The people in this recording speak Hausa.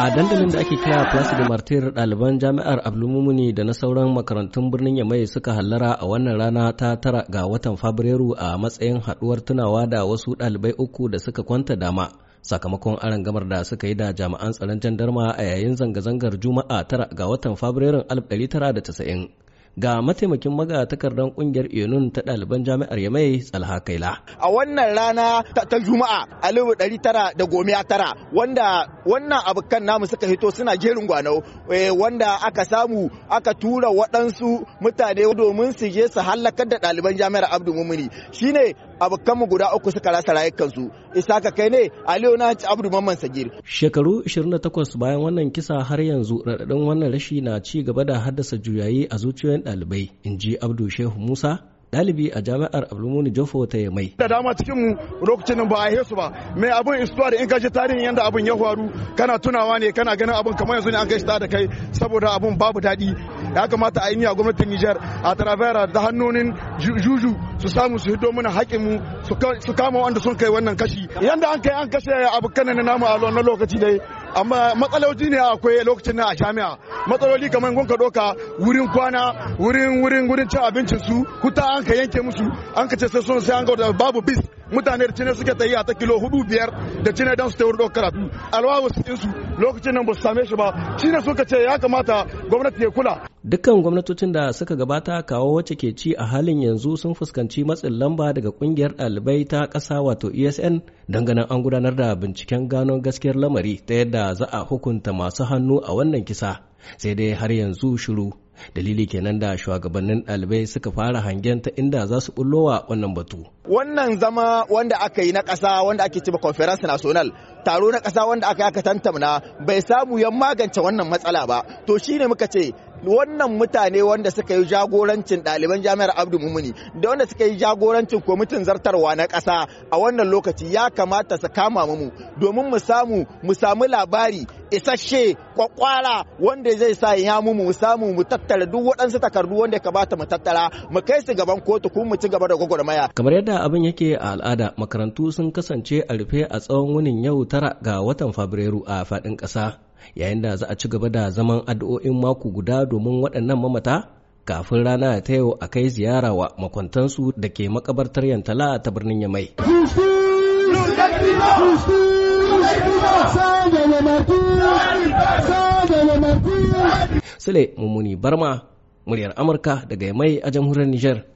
a dandalin da ake kira Place de Martyr ɗaliban jami'ar Abdulmumuni da na sauran makarantun birnin Yamai suka hallara a wannan rana ta tara ga watan Fabrairu a matsayin haɗuwar tunawa da wasu ɗalibai uku da suka kwanta dama sakamakon gamar da suka yi da jami'an tsaron jandarma a yayin zanga-zangar Juma'a tara ga watan Fabrairun 1990. ga mataimakin magatakardan kungiyar Enun ta ɗaliban jami'ar Yamai Tsalha Kaila. A wannan rana ta Juma'a lewu ɗari tara da gomiya tara wanda wannan abokan namu suka hito suna jerin gwanau eh, wanda aka samu aka tura waɗansu mutane domin su je su hallakar da ɗaliban jami'ar Abdu Mumini shine Abu kanmu guda uku suka rasa rayukansu isaka kai ne aliyu na ci abdu mamman sagir shekaru 28 bayan wannan kisa har yanzu raɗaɗin wannan rashi na ci gaba da haddasa juyayi a zuciyoyin ɗalibai in ji abdu shehu musa dalibi a jami'ar abdulmuni jofo ta mai. da dama cikin mu lokacin ba a su ba me abin istuwa da in kashi tarihin yadda abun ya faru kana tunawa ne kana ganin abin kamar yanzu ne an gashi da kai saboda abun babu daɗi ya kamata a yi gwamnatin Nijar a travera da hannunin juju su samu su hido mana haƙinmu su kama wanda sun kai wannan kashi yanda an kai an kashe abokan na namu a na lokaci dai amma matsaloli ne akwai lokacin na a jami'a matsaloli kamar gunka doka wurin kwana wurin wurin wurin cin abincin su kuta an ka yanke musu an ka ce sai sun sai an ga babu bis mutane da cine suke tayi a ta kilo hudu biyar da cine don su ta wurin karatu alwawo su lokacin nan ba su same shi ba cine suka ce ya kamata gwamnati ya kula dukkan gwamnatocin da suka gabata kawo wacce ke ci a halin yanzu sun fuskanci matsin lamba daga kungiyar ɗalibai ta kasa wato esn dangane an gudanar da binciken gano gaskiyar lamari ta yadda za a hukunta masu hannu a wannan kisa sai dai har yanzu shiru dalili kenan da shugabannin ɗalibai suka fara hangen ta inda za su bullowa wannan batu wannan zama wanda aka yi na ƙasa wanda ake cewa conference national taro na ƙasa wanda aka yi aka tantamna bai samu yan magance wannan matsala ba to shine muka ce wannan mutane wanda suka yi jagorancin ɗaliban jami'ar abdu mumuni da wanda suka yi jagorancin kwamitin zartarwa na ƙasa a wannan lokaci ya kamata su kama mu domin mu samu mu samu labari isasshe kwakwara wanda zai sa ya mu mu samu mu tattara duk waɗansu takardu wanda ya kamata mu tattara mu kai su gaban kotu kuma mu ci gaba da gwagwarmaya kamar yadda abin yake a al'ada makarantu sun kasance a rufe a tsawon wunin yau tara ga watan fabrairu a faɗin ƙasa yayin da za a ci gaba da zaman addu'o'in mako guda domin waɗannan mamata kafin rana ta yau a kai ziyara wa makwantansu da ke makabartar Yantala ta birnin Yamai. Sule Mummuni Barma, muryar Amurka daga Yamai a jamhuriyar Nijar.